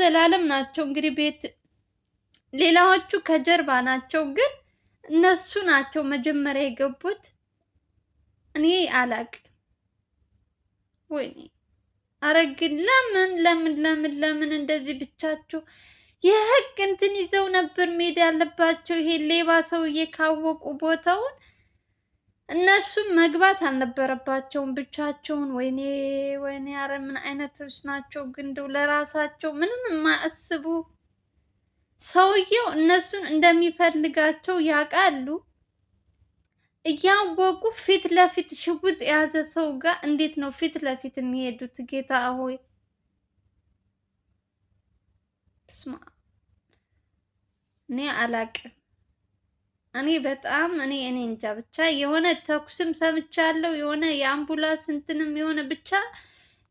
ዘላለም ናቸው እንግዲህ ቤት ሌላዎቹ ከጀርባ ናቸው፣ ግን እነሱ ናቸው መጀመሪያ የገቡት። እኔ አላቅም። ወይኔ ኧረ ግን ለምን ለምን ለምን ለምን እንደዚህ ብቻቸው የህግ እንትን ይዘው ነበር መሄድ ያለባቸው። ይሄ ሌባ ሰውዬ ካወቁ ቦታውን እነሱም መግባት አልነበረባቸውም ብቻቸውን። ወይኔ ወይኔ፣ አረ ምን አይነቶች ናቸው ግን እንደው ለራሳቸው ምንም የማያስቡ ሰውየው እነሱን እንደሚፈልጋቸው ያውቃሉ። እያወቁ ፊት ለፊት ሽጉጥ የያዘ ሰው ጋር እንዴት ነው ፊት ለፊት የሚሄዱት? ጌታ ሆይ ስማ፣ እኔ አላቅም። እኔ በጣም እኔ እኔ እንጃ ብቻ የሆነ ተኩስም ሰምቻለሁ። የሆነ የአምቡላንስ እንትንም የሆነ ብቻ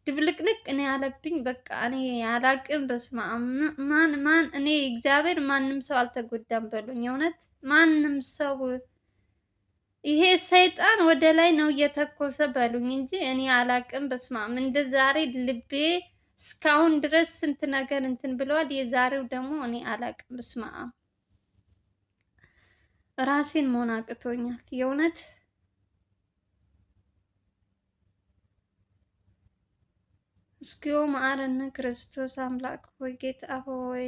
ድብልቅልቅ እኔ አለብኝ። በቃ እኔ አላቅም። በስመ አብ ማን ማን እኔ እግዚአብሔር ማንም ሰው አልተጎዳም በሉኝ። እውነት ማንም ሰው ይሄ ሰይጣን ወደ ላይ ነው እየተኮሰ በሉኝ እንጂ እኔ አላቅም። በስመ አብ እንደ ዛሬ ልቤ እስካሁን ድረስ ስንት ነገር እንትን ብለዋል። የዛሬው ደግሞ እኔ አላቅም። በስመ አብ ራሴን መሆን አቅቶኛል የእውነት እስኪዮ መሐረነ ክርስቶስ አምላክ ሆይ ጌታ ሆይ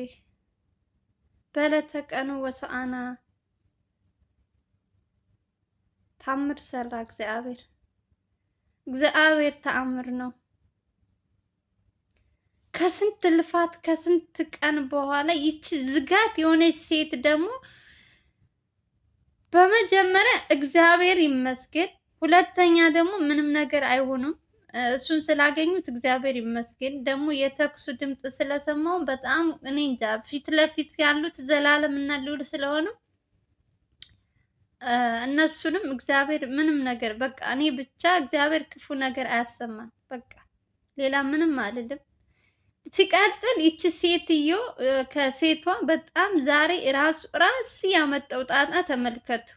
በዕለተ ቀኑ ወሰአና ታምር ሰራ እግዚአብሔር። እግዚአብሔር ተአምር ነው። ከስንት ልፋት ከስንት ቀን በኋላ ይቺ ዝጋት የሆነች ሴት ደግሞ በመጀመሪያ እግዚአብሔር ይመስገን፣ ሁለተኛ ደግሞ ምንም ነገር አይሆኑም። እሱን ስላገኙት እግዚአብሔር ይመስገን። ደግሞ የተኩሱ ድምፅ ስለሰማው በጣም እኔ እንጃ። ፊት ለፊት ያሉት ዘላለም እና ልዑል ስለሆኑ እነሱንም እግዚአብሔር ምንም ነገር በቃ እኔ ብቻ እግዚአብሔር ክፉ ነገር አያሰማም። በቃ ሌላ ምንም አልልም። ሲቀጥል ይቺ ሴትዮ ከሴቷ በጣም ዛሬ ራሱ ራሱ ያመጣው ጣጣ ተመልከቱ።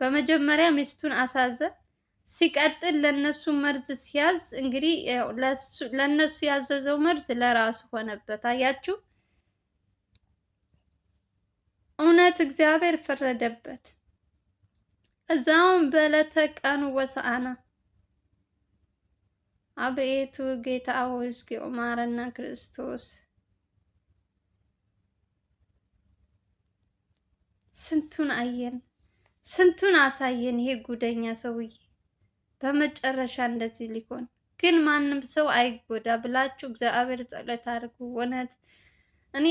በመጀመሪያ ሚስቱን አሳዘ፣ ሲቀጥል ለነሱ መርዝ ሲያዝ እንግዲህ ለነሱ ያዘዘው መርዝ ለራሱ ሆነበት። አያችሁ፣ እውነት እግዚአብሔር ፈረደበት። እዛውም በዕለተ ቀኑ ወሰአና አቤቱ ጌታ ሆይ እግዚኦ ክርስቶስ። ስንቱን አየን፣ ስንቱን አሳየን። ይሄ ጉደኛ ሰውዬ በመጨረሻ እንደዚህ ሊሆን ግን ማንም ሰው አይጎዳ ብላችሁ እግዚአብሔር ጸሎት አድርጉ። እውነት እኔ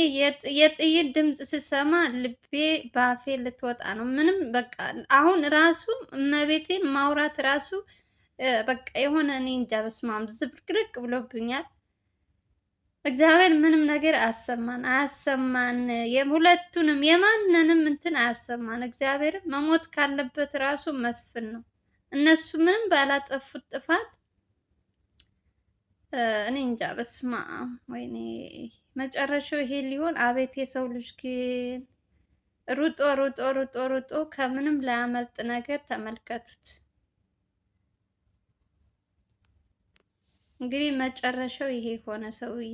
የጥይት ድምፅ ስሰማ ልቤ ባፌ ልትወጣ ነው። ምንም በቃ አሁን ራሱ እመቤቴን ማውራት ራሱ በቃ የሆነ እኔ እንጃ በስመ አብ ዝብርቅርቅ ብሎብኛል። እግዚአብሔር ምንም ነገር አያሰማን አያሰማን። ሁለቱንም የማንንም እንትን አያሰማን። እግዚአብሔር መሞት ካለበት ራሱ መስፍን ነው። እነሱ ምንም ባላጠፉት ጥፋት እኔ እንጃ በስመ አብ። ወይኔ መጨረሻው ይሄ ሊሆን አቤት! የሰው ልጅ ግን ሩጦ ሩጦ ሩጦ ሩጦ ከምንም ላያመልጥ ነገር ተመልከቱት። እንግዲህ መጨረሻው ይሄ ሆነ ሰውዬ።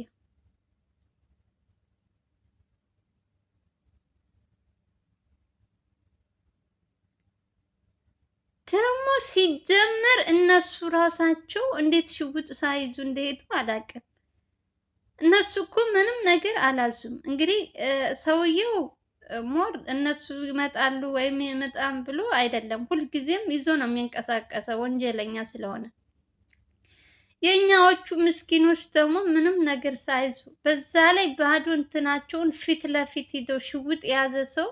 ደግሞ ሲጀመር እነሱ ራሳቸው እንዴት ሽጉጥ ሳይዙ እንደሄዱ አላውቅም። እነሱ እኮ ምንም ነገር አላዙም። እንግዲህ ሰውየው ሞር እነሱ ይመጣሉ ወይም ይመጣም ብሎ አይደለም፣ ሁልጊዜም ይዞ ነው የሚንቀሳቀሰው ወንጀለኛ ስለሆነ የእኛዎቹ ምስኪኖች ደግሞ ምንም ነገር ሳይዙ በዛ ላይ ባዶ እንትናቸውን ፊት ለፊት ሂዶ ሽውጥ የያዘ ሰው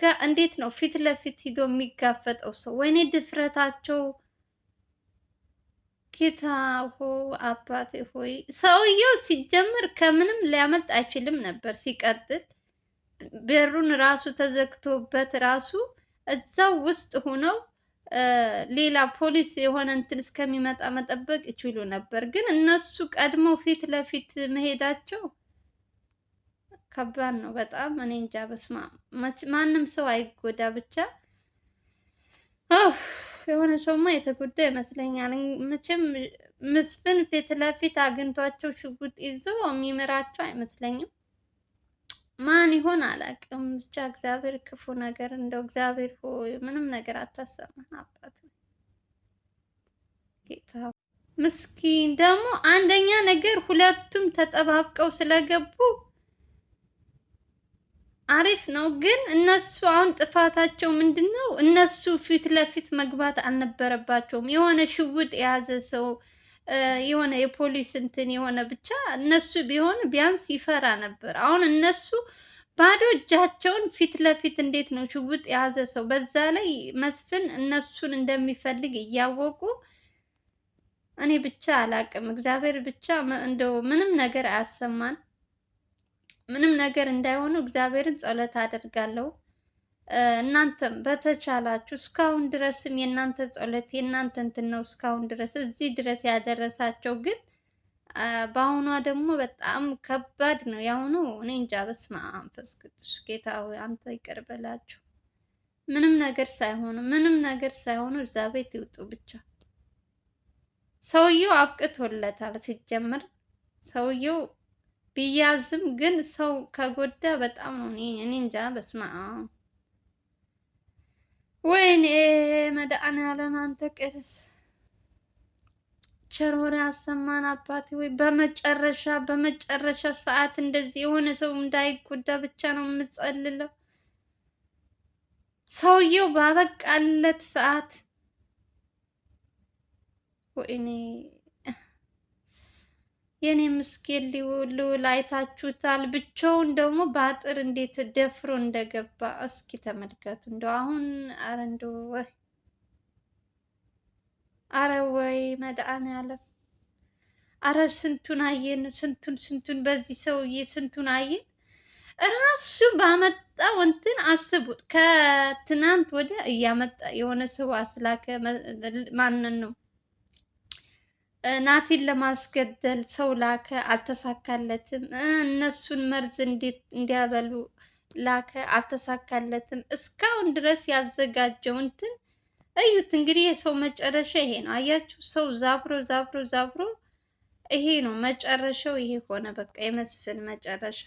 ጋር እንዴት ነው ፊት ለፊት ሂዶ የሚጋፈጠው ሰው? ወይኔ ድፍረታቸው! ጌታ ሆ አባቴ ሆይ! ሰውየው ሲጀምር ከምንም ሊያመጥ አይችልም ነበር። ሲቀጥል በሩን ራሱ ተዘግቶበት ራሱ እዛው ውስጥ ሆነው ሌላ ፖሊስ የሆነ እንትን እስከሚመጣ መጠበቅ ይችሉ ነበር። ግን እነሱ ቀድመው ፊት ለፊት መሄዳቸው ከባድ ነው በጣም እኔ እንጃ። በስማ ማንም ሰው አይጎዳ ብቻ የሆነ ሰውማ የተጎዳ ይመስለኛል። መቼም ምስፍን ፊት ለፊት አግኝቷቸው ሽጉጥ ይዞ የሚምራቸው አይመስለኝም። ማን ይሆን አላውቅም። ብቻ እግዚአብሔር ክፉ ነገር እንደው እግዚአብሔር ሆይ ምንም ነገር አታሰማን አባት ጌታ ምስኪን ደግሞ አንደኛ ነገር ሁለቱም ተጠባብቀው ስለገቡ አሪፍ ነው። ግን እነሱ አሁን ጥፋታቸው ምንድን ነው? እነሱ ፊት ለፊት መግባት አልነበረባቸውም። የሆነ ሽውጥ የያዘ ሰው የሆነ የፖሊስ እንትን የሆነ ብቻ እነሱ ቢሆን ቢያንስ ይፈራ ነበር። አሁን እነሱ ባዶ እጃቸውን ፊት ለፊት እንዴት ነው ሽጉጥ የያዘ ሰው? በዛ ላይ መስፍን እነሱን እንደሚፈልግ እያወቁ እኔ ብቻ አላቅም። እግዚአብሔር ብቻ እንደው ምንም ነገር አያሰማን፣ ምንም ነገር እንዳይሆኑ እግዚአብሔርን ጸሎት አደርጋለሁ። እናንተም በተቻላችሁ እስካሁን ድረስም የእናንተ ጸሎት የእናንተ እንትን ነው እስካሁን ድረስ እዚህ ድረስ ያደረሳቸው። ግን በአሁኗ ደግሞ በጣም ከባድ ነው የአሁኑ። እኔ እንጃ። በስመ አብ መንፈስ ቅዱስ ጌታ ሆይ አንተ ይቅር በላቸው። ምንም ነገር ሳይሆኑ ምንም ነገር ሳይሆኑ እዛ ቤት ይውጡ ብቻ። ሰውየው አብቅቶለታል። ሲጀምር ሰውየው ቢያዝም ግን ሰው ከጎዳ በጣም ነው። እኔ እንጃ። በስመ አብ ወይኔ መድኃኒዓለም አንተ ቅድስ ቸሮሪ አሰማን አባቴ ወይ በመጨረሻ በመጨረሻ ሰዓት እንደዚህ የሆነ ሰው እንዳይጎዳ ብቻ ነው የምጸልለው። ሰውየው ባበቃለት ሰዓት ወይኔ የኔ ምስኪን ልዑል አይታችሁታል። ብቻውን ደግሞ በአጥር እንዴት ደፍሮ እንደገባ እስኪ ተመልከቱ። እንደው አሁን አረ ወይ አረ ወይ መድኃኒዓለም አረ ስንቱን አየን፣ ስንቱን ስንቱን በዚህ ሰውዬ ስንቱን አየን። እራሱ ባመጣው እንትን አስቡት። ከትናንት ወዲያ እያመጣ የሆነ ሰው አስላከ ማንን ነው ናቲን ለማስገደል ሰው ላከ፣ አልተሳካለትም። እነሱን መርዝ እንዲያበሉ ላከ፣ አልተሳካለትም። እስካሁን ድረስ ያዘጋጀው እንትን እዩት እንግዲህ የሰው መጨረሻ ይሄ ነው። አያችሁ ሰው ዛፍሮ ዛፍሮ ዛፍሮ ይሄ ነው መጨረሻው። ይሄ ሆነ በቃ የመስፍን መጨረሻ።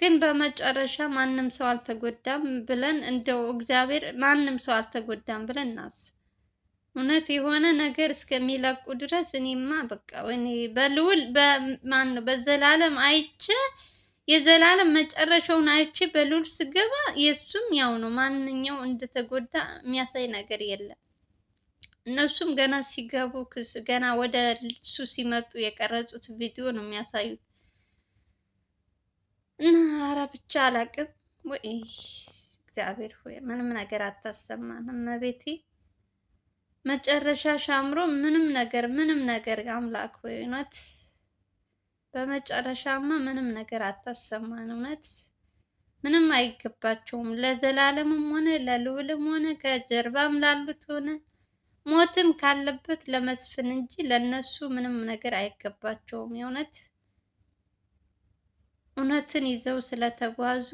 ግን በመጨረሻ ማንም ሰው አልተጎዳም ብለን እንደው እግዚአብሔር ማንም ሰው አልተጎዳም ብለን እናስብ። እውነት የሆነ ነገር እስከሚለቁ ድረስ እኔማ በቃ እኔ በልውል በማን ነው በዘላለም አይቼ የዘላለም መጨረሻውን አይቼ በልውል ስገባ የእሱም ያው ነው። ማንኛው እንደተጎዳ የሚያሳይ ነገር የለም። እነሱም ገና ሲገቡ ክስ ገና ወደ እሱ ሲመጡ የቀረጹት ቪዲዮ ነው የሚያሳዩት። እና ኧረ ብቻ አላቅም ወይ እግዚአብሔር ሆይ ምንም ነገር አታሰማንም መቤቴ መጨረሻ ሻምሮ ምንም ነገር ምንም ነገር አምላክ ሆይ እውነት በመጨረሻማ ምንም ነገር አታሰማን። እውነት ምንም አይገባቸውም። ለዘላለምም ሆነ ለልዑልም ሆነ ከጀርባም ላሉት ሆነ ሞትም ካለበት ለመስፍን እንጂ ለነሱ ምንም ነገር አይገባቸውም። የእውነት እውነትን ይዘው ስለተጓዙ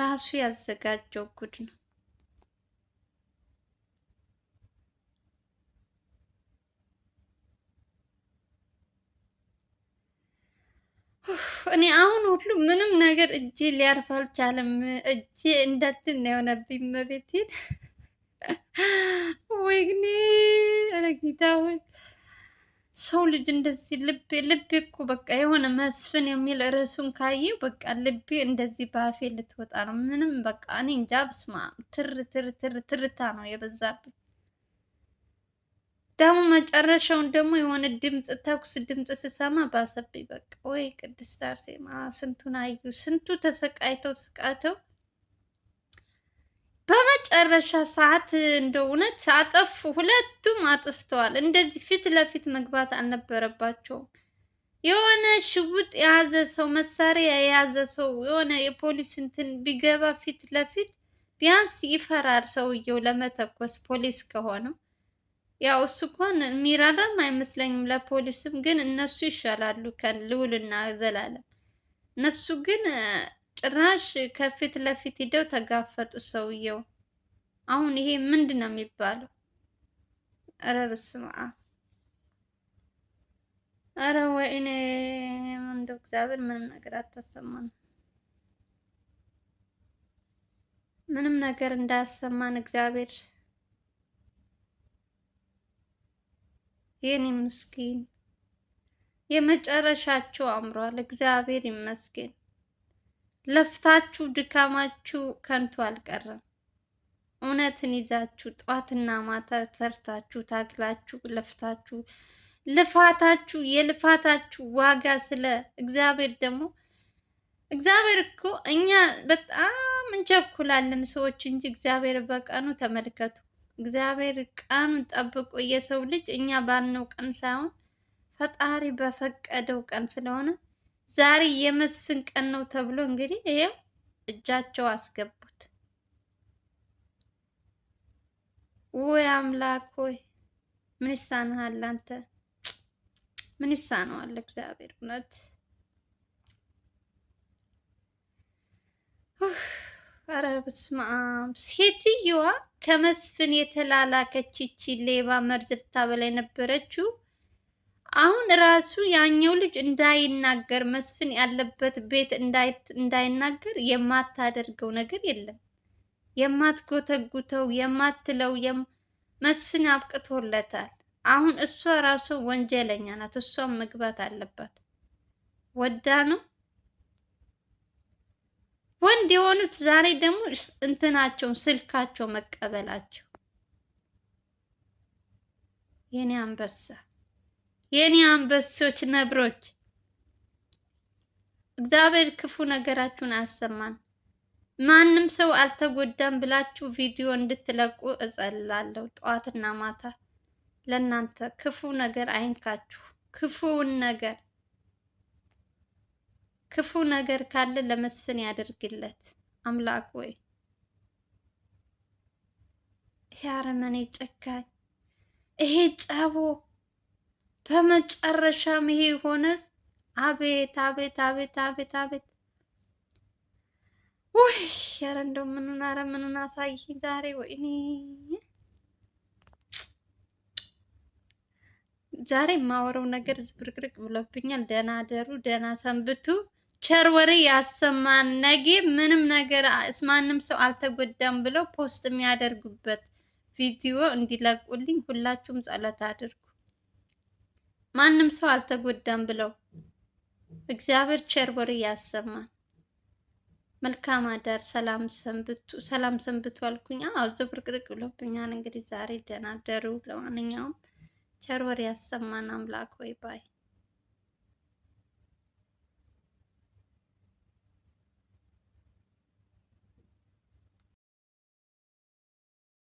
ራሱ ያዘጋጀው ጉድ ነው። እኔ አሁን ሁሉ ምንም ነገር እጄ ሊያርፍ አልቻለም። እጄ እንዳትን ነው የሆነብኝ። መቤቴን ወይ ግን ወይ ሰው ልጅ እንደዚህ ልቤ ልቤ እኮ በቃ የሆነ መስፍን የሚል ርዕሱን ካየው በቃ ልቤ እንደዚህ በአፌ ልትወጣ ነው። ምንም በቃ እኔ እንጃ። ብስማ ትር ትር ትር ትርታ ነው የበዛብኝ። ደግሞ መጨረሻውን ደግሞ የሆነ ድምፅ ተኩስ ድምፅ ስሰማ ባሰብኝ። በቃ ወይ ቅድስት አርሴማ ስንቱን አዩ፣ ስንቱ ተሰቃይተው ስቃተው በመጨረሻ ሰዓት እንደ እውነት አጠፉ። ሁለቱም አጥፍተዋል። እንደዚህ ፊት ለፊት መግባት አልነበረባቸውም። የሆነ ሽጉጥ የያዘ ሰው፣ መሳሪያ የያዘ ሰው የሆነ የፖሊስ እንትን ቢገባ ፊት ለፊት ቢያንስ ይፈራል ሰውየው ለመተኮስ ፖሊስ ከሆነ ያው እሱ እንኳን የሚራራም አይመስለኝም ለፖሊስም፣ ግን እነሱ ይሻላሉ ከልውልና ዘላለም እነሱ ግን ጭራሽ ከፊት ለፊት ሂደው ተጋፈጡ ሰውየው። አሁን ይሄ ምንድን ነው የሚባለው? ኧረ በስመ አብ! ኧረ ወይኔ! እንደው እግዚአብሔር ምንም ነገር አታሰማን፣ ምንም ነገር እንዳያሰማን እግዚአብሔር። የኔ ምስኪን የመጨረሻቸው አምሯል። እግዚአብሔር ይመስገን። ለፍታችሁ ድካማችሁ ከንቱ አልቀረም። እውነትን ይዛችሁ ጧትና ማታ ሰርታችሁ ታግላችሁ ለፍታችሁ ልፋታችሁ የልፋታችሁ ዋጋ ስለ እግዚአብሔር ደግሞ እግዚአብሔር እኮ እኛ በጣም እንቸኩላለን ሰዎች እንጂ እግዚአብሔር በቀኑ ተመልከቱ። እግዚአብሔር ቀኑ ጠብቆ የሰው ልጅ እኛ ባልነው ቀን ሳይሆን ፈጣሪ በፈቀደው ቀን ስለሆነ ዛሬ የመስፍን ቀን ነው ተብሎ እንግዲህ ይኸው እጃቸው አስገቡት። ወይ አምላክ ወይ ምን ይሳንሃል አንተ? ምን ይሳነዋል እግዚአብሔር እውነት ኧረ በስመ አብ ሴትየዋ ከመስፍን የተላላከች ይቺ ሌባ መርዝ ልታበላ የነበረችው አሁን ራሱ ያኛው ልጅ እንዳይናገር መስፍን ያለበት ቤት እንዳይናገር የማታደርገው ነገር የለም። የማትጎተጉተው የማትለው መስፍን አብቅቶለታል። አሁን እሷ ራሷ ወንጀለኛ ናት። እሷም መግባት አለባት። ወዳ ነው ወንድ የሆኑት ዛሬ ደግሞ እንትናቸውን ስልካቸው መቀበላቸው የኔ አንበሳ የኔ አንበሶች ነብሮች፣ እግዚአብሔር ክፉ ነገራችሁን አያሰማን። ማንም ሰው አልተጎዳም ብላችሁ ቪዲዮ እንድትለቁ እጸልላለሁ። ጠዋትና ማታ ለእናንተ ክፉ ነገር አይንካችሁ። ክፉውን ነገር ክፉ ነገር ካለ ለመስፍን ያደርግለት አምላክ ወይ ይሄ አረመኔ ጨካኝ ይሄ ጨቦ በመጨረሻም ይሄ ሆነስ። አቤት አቤት አቤት አቤት አቤት! ውይ ኧረ እንደው ምኑን ኧረ ምኑን አሳይ ዛሬ ወይኔ! ዛሬ የማወራው ነገር ዝብርቅርቅ ብሎብኛል። ደህና አደሩ፣ ደህና ሰንብቱ። ቸር ወሬ ያሰማን። ነገ ምንም ነገር ማንም ሰው አልተጎዳም ብለው ፖስት የሚያደርጉበት ቪዲዮ እንዲለቁልኝ ሁላችሁም ጸሎት አድርጉ። ማንም ሰው አልተጎዳም ብለው እግዚአብሔር ቸር ወሬ ያሰማን። መልካም አዳር። ሰላም ሰንብቱ። ሰላም ሰንብቱ አልኩኝ። አዎ ዝብርቅርቅ ብሎብኛል። እንግዲህ ዛሬ ደህና ደሩ። ለማንኛውም ቸር ወሬ ያሰማን አምላክ ሆይ ባይ